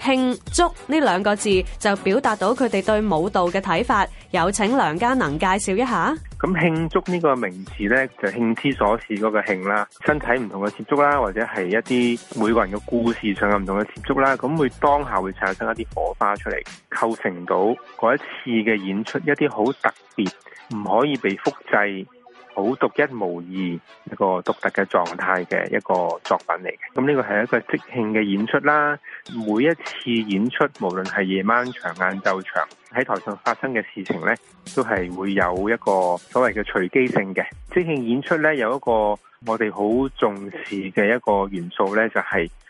慶祝呢兩個字就表達到佢哋對舞蹈嘅睇法，有請梁家能介紹一下。咁慶祝呢個名詞呢，就興、是、之所事嗰個興啦，身體唔同嘅接觸啦，或者係一啲每個人嘅故事上有唔同嘅接觸啦，咁會當下會產生一啲火花出嚟，構成到嗰一次嘅演出一啲好特別，唔可以被複製。好獨一無二一個獨特嘅狀態嘅一個作品嚟嘅，咁呢個係一個即興嘅演出啦。每一次演出，無論係夜晚場、晏晝場，喺台上發生嘅事情呢，都係會有一個所謂嘅隨機性嘅。即興演出呢，有一個我哋好重視嘅一個元素呢，就係、是。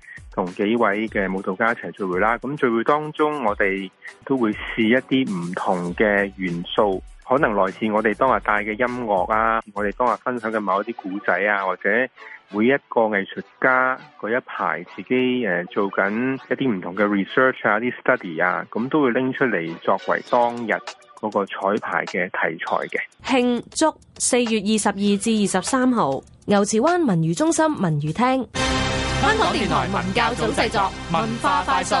同幾位嘅舞蹈家一齊聚會啦！咁聚會當中，我哋都會試一啲唔同嘅元素，可能來自我哋當日帶嘅音樂啊，我哋當日分享嘅某一啲故仔啊，或者每一個藝術家嗰一排自己誒做緊一啲唔同嘅 research 啊、啲 study 啊，咁都會拎出嚟作為當日嗰個彩排嘅題材嘅。慶祝四月二十二至二十三號，牛池灣文娛中心文娛廳。香港電台文教組製作《文化快訊》。